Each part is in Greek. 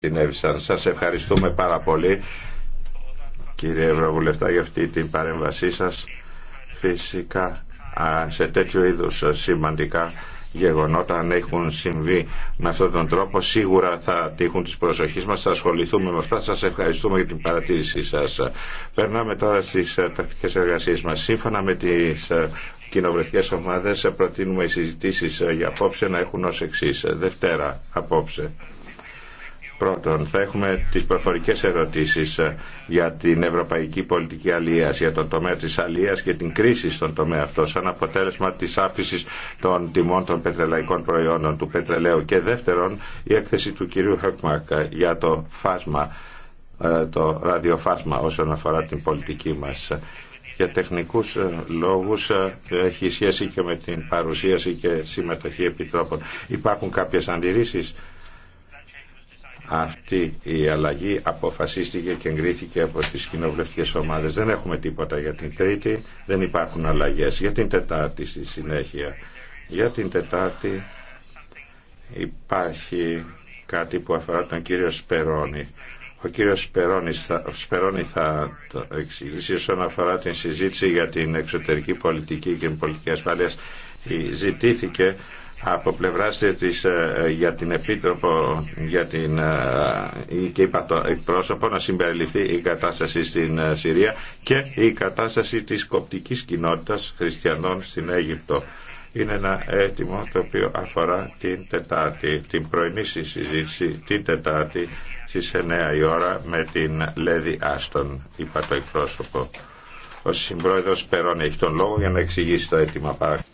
συνέβησαν. Σας ευχαριστούμε πάρα πολύ κύριε Ευρωβουλευτά για αυτή την παρέμβασή σας. Φυσικά σε τέτοιου είδους σημαντικά γεγονότα αν έχουν συμβεί με αυτόν τον τρόπο σίγουρα θα τύχουν τις προσοχή μας θα ασχοληθούμε με αυτά σας ευχαριστούμε για την παρατήρησή σας περνάμε τώρα στις ε, τακτικές εργασίες μας σύμφωνα με τις ε, κοινοβουλευτικέ ομάδες προτείνουμε οι συζητήσεις ε, για απόψε να έχουν ως εξής Δευτέρα απόψε Πρώτον, θα έχουμε τις προφορικές ερωτήσεις ε, για την ευρωπαϊκή πολιτική αλίας, για τον τομέα της αλίας και την κρίση στον τομέα αυτό, σαν αποτέλεσμα της άφησης των τιμών των πετρελαϊκών προϊόντων του πετρελαίου. Και δεύτερον, η έκθεση του κυρίου Χεκμακ ε, για το φάσμα, ε, το ραδιοφάσμα όσον αφορά την πολιτική μας για τεχνικούς λόγους έχει σχέση και με την παρουσίαση και συμμετοχή επιτρόπων. Υπάρχουν κάποιες αντιρρήσεις. Αυτή η αλλαγή αποφασίστηκε και εγκρίθηκε από τις κοινοβουλευτικές ομάδες. Δεν έχουμε τίποτα για την Τρίτη, δεν υπάρχουν αλλαγές. Για την Τετάρτη στη συνέχεια. Για την Τετάρτη υπάρχει κάτι που αφορά τον κύριο Σπερώνη. Ο κύριος Σπερώνη θα, θα εξηγήσει όσον αφορά την συζήτηση για την εξωτερική πολιτική και την πολιτική ασφάλειας. Ζητήθηκε από πλευρά της, ε, για την Επίτροπο για την, ε, και είπα το εκπρόσωπο να συμπεριληφθεί η κατάσταση στην ε, Συρία και η κατάσταση της κοπτικής κοινότητας χριστιανών στην Αίγυπτο. Είναι ένα αίτημα το οποίο αφορά την Τετάρτη, την πρωινή συζήτηση την Τετάρτη στις 9 η ώρα με την Λέδη Άστον, είπα το εκπρόσωπο. Ο συμπρόεδρος Περών έχει τον λόγο για να εξηγήσει το αίτημα παρακολουθεί.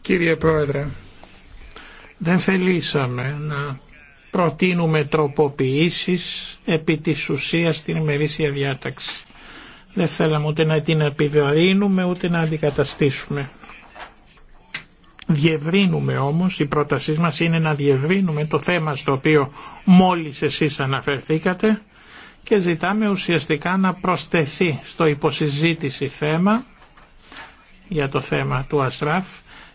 Κύριε Πρόεδρε, δεν θελήσαμε να προτείνουμε τροποποιήσεις επί της ουσίας στην ημερήσια διάταξη. Δεν θέλαμε ούτε να την επιβαρύνουμε ούτε να αντικαταστήσουμε. Διευρύνουμε όμως, η πρότασή μας είναι να διευρύνουμε το θέμα στο οποίο μόλις εσείς αναφερθήκατε και ζητάμε ουσιαστικά να προσθεθεί στο υποσυζήτηση θέμα για το θέμα του Αστραφ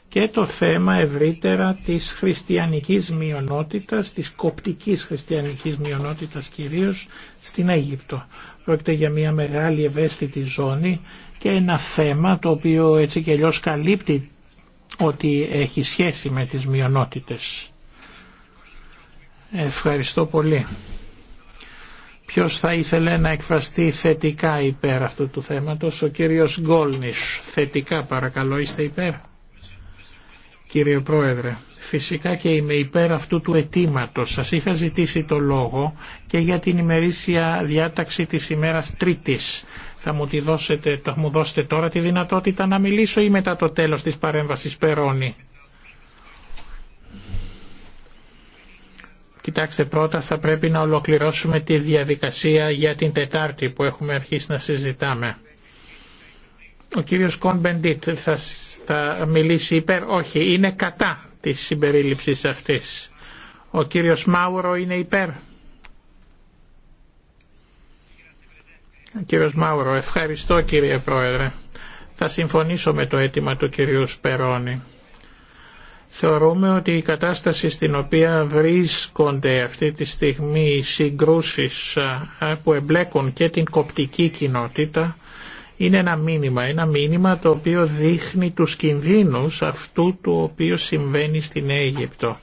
και το θέμα ευρύτερα της χριστιανικής μειονότητας, της κοπτικής χριστιανικής μειονότητας κυρίως στην Αίγυπτο. Πρόκειται για μια μεγάλη ευαίσθητη ζώνη και ένα θέμα το οποίο έτσι και αλλιώς καλύπτει ότι έχει σχέση με τις μειονότητες. Ευχαριστώ πολύ. Ποιος θα ήθελε να εκφραστεί θετικά υπέρ αυτού του θέματος, ο κύριος Γκόλνης. Θετικά παρακαλώ, είστε υπέρ. Κύριε Πρόεδρε, φυσικά και είμαι υπέρ αυτού του αιτήματο. Σας είχα ζητήσει το λόγο και για την ημερήσια διάταξη της ημέρας Τρίτης. Θα μου, δώσετε, θα μου δώσετε τώρα τη δυνατότητα να μιλήσω ή μετά το τέλος της παρέμβασης περώνει. Κοιτάξτε, πρώτα θα πρέπει να ολοκληρώσουμε τη διαδικασία για την Τετάρτη που έχουμε αρχίσει να συζητάμε. Ο κύριος Μπεντίτ θα, θα μιλήσει υπέρ, όχι, είναι κατά της συμπερίληψης αυτής. Ο κύριος Μάουρο είναι υπέρ. Ο κύριος Μάουρο, ευχαριστώ κύριε Πρόεδρε. Θα συμφωνήσω με το αίτημα του κυρίου Σπερώνη Θεωρούμε ότι η κατάσταση στην οποία βρίσκονται αυτή τη στιγμή οι συγκρούσεις που εμπλέκουν και την κοπτική κοινότητα είναι ένα μήνυμα, ένα μήνυμα το οποίο δείχνει τους κινδύνους αυτού του οποίου συμβαίνει στην Αίγυπτο.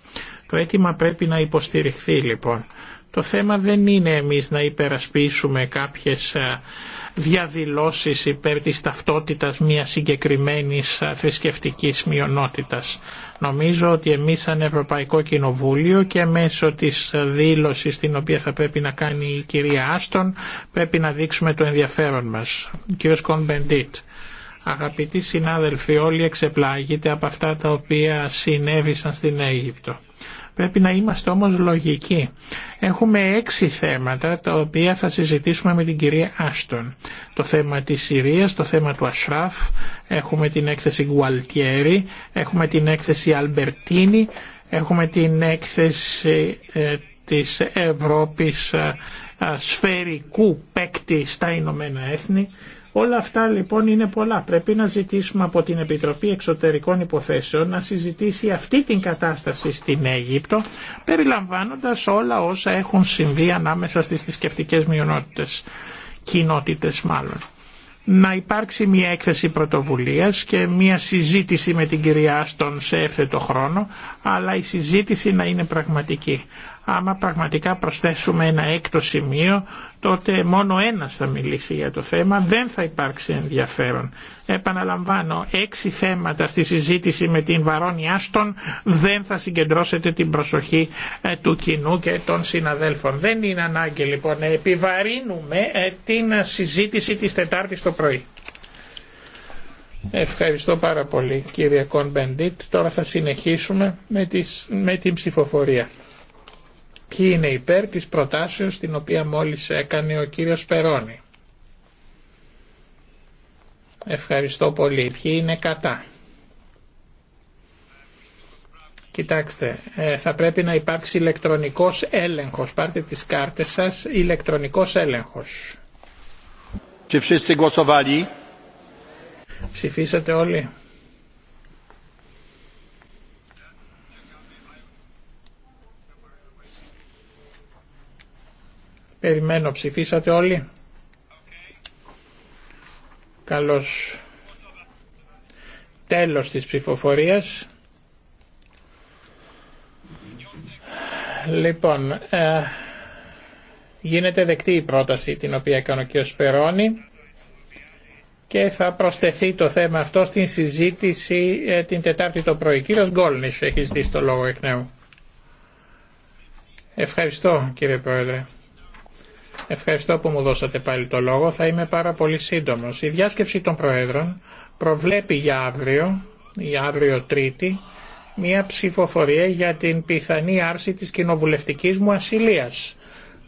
Το αίτημα πρέπει να υποστηριχθεί λοιπόν. Το θέμα δεν είναι εμείς να υπερασπίσουμε κάποιες διαδηλώσεις υπέρ της ταυτότητας μιας συγκεκριμένης θρησκευτική μειονότητας. Νομίζω ότι εμείς σαν Ευρωπαϊκό Κοινοβούλιο και μέσω της δήλωσης την οποία θα πρέπει να κάνει η κυρία Άστον πρέπει να δείξουμε το ενδιαφέρον μας. Κύριο κύριος Αγαπητοί συνάδελφοι, όλοι εξεπλάγετε από αυτά τα οποία συνέβησαν στην Αίγυπτο. Πρέπει να είμαστε όμως λογικοί. Έχουμε έξι θέματα τα οποία θα συζητήσουμε με την κυρία Άστον. Το θέμα της Συρίας, το θέμα του Ασράφ, έχουμε την έκθεση Γουαλτιέρη, έχουμε την έκθεση Αλμπερτίνη, έχουμε την έκθεση ε, της Ευρώπης ε, ε, σφαιρικού παίκτη στα Ηνωμένα Έθνη Όλα αυτά λοιπόν είναι πολλά. Πρέπει να ζητήσουμε από την Επιτροπή Εξωτερικών Υποθέσεων να συζητήσει αυτή την κατάσταση στην Αίγυπτο, περιλαμβάνοντας όλα όσα έχουν συμβεί ανάμεσα στις θρησκευτικέ μειονότητες, κοινότητες μάλλον. Να υπάρξει μια έκθεση πρωτοβουλίας και μια συζήτηση με την κυρία Άστον σε έφθετο χρόνο, αλλά η συζήτηση να είναι πραγματική. Άμα πραγματικά προσθέσουμε ένα έκτο σημείο, τότε μόνο ένας θα μιλήσει για το θέμα, δεν θα υπάρξει ενδιαφέρον. Επαναλαμβάνω, έξι θέματα στη συζήτηση με την Βαρόνι Άστον δεν θα συγκεντρώσετε την προσοχή ε, του κοινού και των συναδέλφων. Δεν είναι ανάγκη λοιπόν να επιβαρύνουμε ε, την συζήτηση της Τετάρτης το πρωί. Ευχαριστώ πάρα πολύ κύριε Κον Τώρα θα συνεχίσουμε με, τις, με την ψηφοφορία. Ποιοι είναι υπέρ της προτάσεως την οποία μόλις έκανε ο κύριος Περόνη. Ευχαριστώ πολύ. Ποιοι είναι κατά. Κοιτάξτε, ε, θα πρέπει να υπάρξει ηλεκτρονικός έλεγχος. Πάρτε τις κάρτες σας, ηλεκτρονικός έλεγχος. Ψηφίσατε όλοι. Περιμένω, ψηφίσατε όλοι. Καλώς. Τέλος της ψηφοφορίας. Λοιπόν, ε, γίνεται δεκτή η πρόταση την οποία έκανε ο κ. Σπερώνη και θα προσθεθεί το θέμα αυτό στην συζήτηση ε, την Τετάρτη το πρωί. Κύριος Γκόλνης έχει δει το λόγο εκ νέου. Ευχαριστώ κύριε Πρόεδρε. Ευχαριστώ που μου δώσατε πάλι το λόγο. Θα είμαι πάρα πολύ σύντομο. Η διάσκεψη των Προέδρων προβλέπει για αύριο, για αύριο Τρίτη, μια ψηφοφορία για την πιθανή άρση της κοινοβουλευτικής μου ασυλίας.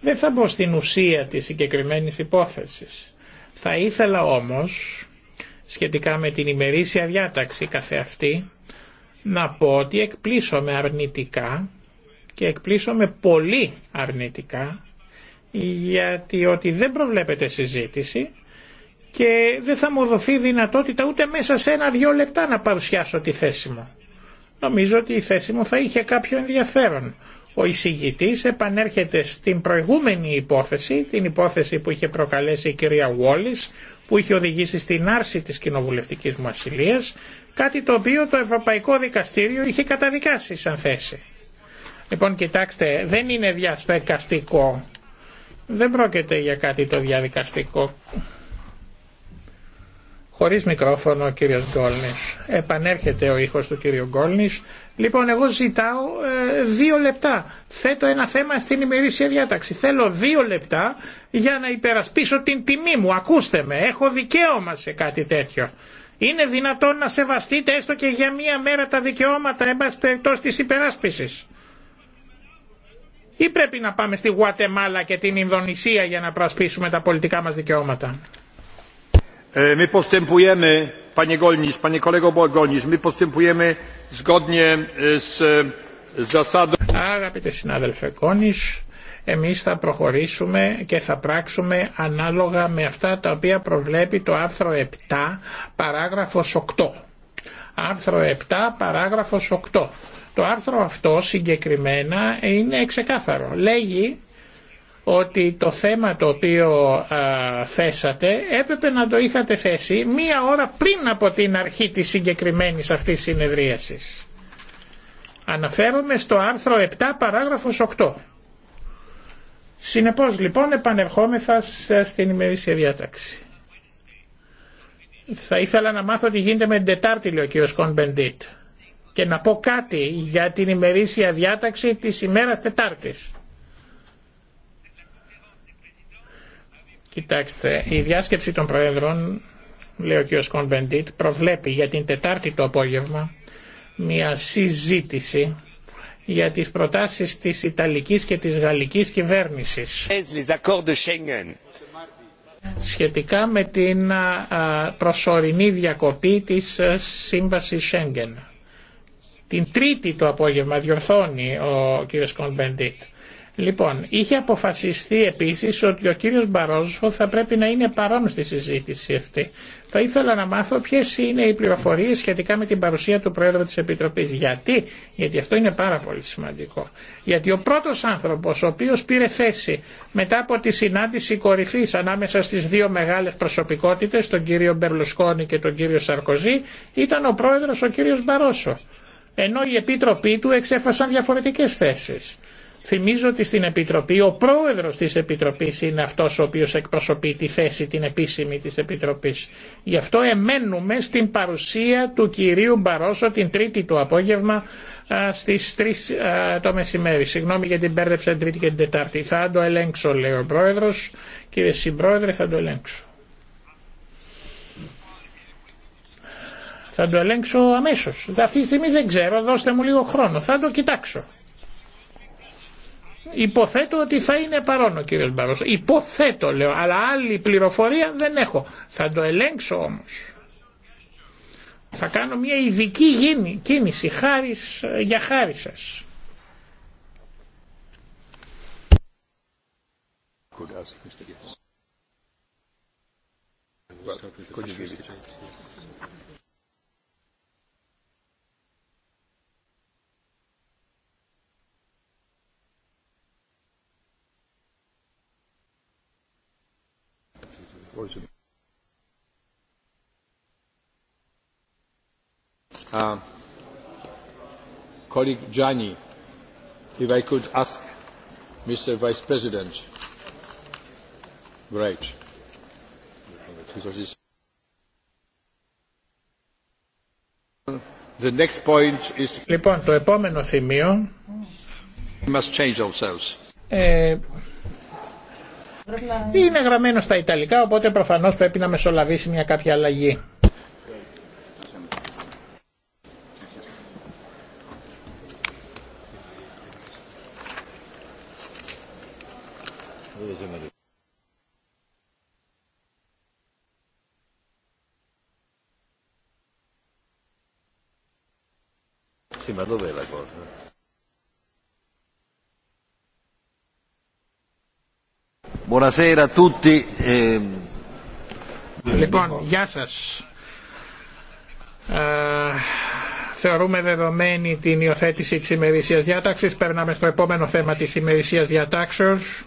Δεν θα μπω στην ουσία της συγκεκριμένης υπόθεσης. Θα ήθελα όμως, σχετικά με την ημερήσια διάταξη καθεαυτή, να πω ότι με αρνητικά και με πολύ αρνητικά γιατί ότι δεν προβλέπεται συζήτηση και δεν θα μου δοθεί δυνατότητα ούτε μέσα σε ένα-δυο λεπτά να παρουσιάσω τη θέση μου. Νομίζω ότι η θέση μου θα είχε κάποιο ενδιαφέρον. Ο εισηγητής επανέρχεται στην προηγούμενη υπόθεση, την υπόθεση που είχε προκαλέσει η κυρία Βόλης, που είχε οδηγήσει στην άρση της κοινοβουλευτικής μου ασυλίας, κάτι το οποίο το Ευρωπαϊκό Δικαστήριο είχε καταδικάσει σαν θέση. Λοιπόν, κοιτάξτε, δεν είναι διαστεκαστικό δεν πρόκειται για κάτι το διαδικαστικό. Χωρίς μικρόφωνο ο κύριος Γκόλνης. Επανέρχεται ο ήχος του κύριου Γκόλνης. Λοιπόν, εγώ ζητάω ε, δύο λεπτά. Θέτω ένα θέμα στην ημερήσια διάταξη. Θέλω δύο λεπτά για να υπερασπίσω την τιμή μου. Ακούστε με, έχω δικαίωμα σε κάτι τέτοιο. Είναι δυνατόν να σεβαστείτε έστω και για μία μέρα τα δικαιώματα, εν περιπτώσει, της υπεράσπισης ή πρέπει να πάμε στη Γουατεμάλα και την Ινδονησία για να προασπίσουμε τα πολιτικά μας δικαιώματα. My postępujemy, panie panie kolego my postępujemy zgodnie z zasadą... Αγαπητέ συνάδελφε Γκόνης, εμείς θα προχωρήσουμε και θα πράξουμε ανάλογα με αυτά τα οποία προβλέπει το άρθρο 7, παράγραφος 8. Άρθρο 7, παράγραφος 8. Το άρθρο αυτό συγκεκριμένα είναι ξεκάθαρο. Λέγει ότι το θέμα το οποίο θέσατε έπρεπε να το είχατε θέσει μία ώρα πριν από την αρχή της συγκεκριμένης αυτής συνεδρίασης. Αναφέρομαι στο άρθρο 7 παράγραφος 8. Συνεπώς λοιπόν επανερχόμεθα στην ημερήσια διάταξη. Θα ήθελα να μάθω τι γίνεται με την Τετάρτη, λέει ο κ. Κονπεντίτ. Και να πω κάτι για την ημερήσια διάταξη της ημέρας Τετάρτης. Κοιτάξτε, η διάσκεψη των Προέδρων, λέει ο κ. Κονπεντίτ, προβλέπει για την Τετάρτη το απόγευμα μια συζήτηση για τις προτάσεις της Ιταλικής και της Γαλλικής κυβέρνησης σχετικά με την προσωρινή διακοπή της σύμβασης Σέγγεν. Την τρίτη το απόγευμα διορθώνει ο κ. Κονμπεντήτ Λοιπόν, είχε αποφασιστεί επίσης ότι ο κύριος Μπαρόζο θα πρέπει να είναι παρόν στη συζήτηση αυτή. Θα ήθελα να μάθω ποιες είναι οι πληροφορίες σχετικά με την παρουσία του Πρόεδρου της Επιτροπής. Γιατί, γιατί αυτό είναι πάρα πολύ σημαντικό. Γιατί ο πρώτος άνθρωπος ο οποίος πήρε θέση μετά από τη συνάντηση κορυφής ανάμεσα στις δύο μεγάλες προσωπικότητες, τον κύριο Μπερλουσκόνη και τον κύριο Σαρκοζή, ήταν ο Πρόεδρος ο κύριος Μπαρόσο. Ενώ οι επίτροποι του εξέφασαν διαφορετικές θέσεις. Θυμίζω ότι στην Επιτροπή, ο πρόεδρος της Επιτροπής είναι αυτός ο οποίος εκπροσωπεί τη θέση την επίσημη της Επιτροπής. Γι' αυτό εμένουμε στην παρουσία του κυρίου Μπαρόσο την τρίτη του απόγευμα στις 3 το μεσημέρι. Συγγνώμη για την πέρδεψα την τρίτη και την τετάρτη. Θα το ελέγξω λέει ο πρόεδρος. Κύριε Συμπρόεδρε θα το ελέγξω. Θα το ελέγξω αμέσως. Αυτή τη στιγμή δεν ξέρω, δώστε μου λίγο χρόνο. Θα το κοιτάξω. Υποθέτω ότι θα είναι παρόν ο κύριος Μπαρός. Υποθέτω λέω, αλλά άλλη πληροφορία δεν έχω. Θα το ελέγξω όμως. Θα κάνω μια ειδική κίνηση χάρης ε, για χάρη σας. Uh, colleague Gianni, if I could ask Mr. Vice President. Great. The next point is... Λοιπόν, το επόμενο σημείο... We must change ourselves. Ε, είναι γραμμένο στα Ιταλικά, οπότε προφανώς πρέπει να μεσολαβήσει μια κάποια αλλαγή. Ehm, λοιπόν, γεια σας. Ε, θεωρούμε δεδομένη την υιοθέτηση της ημερησίας διάταξης. Περνάμε στο επόμενο θέμα της ημερησίας διατάξεως.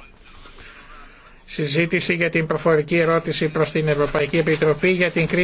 Συζήτηση για την προφορική ερώτηση προς την Ευρωπαϊκή Επιτροπή για την κρίση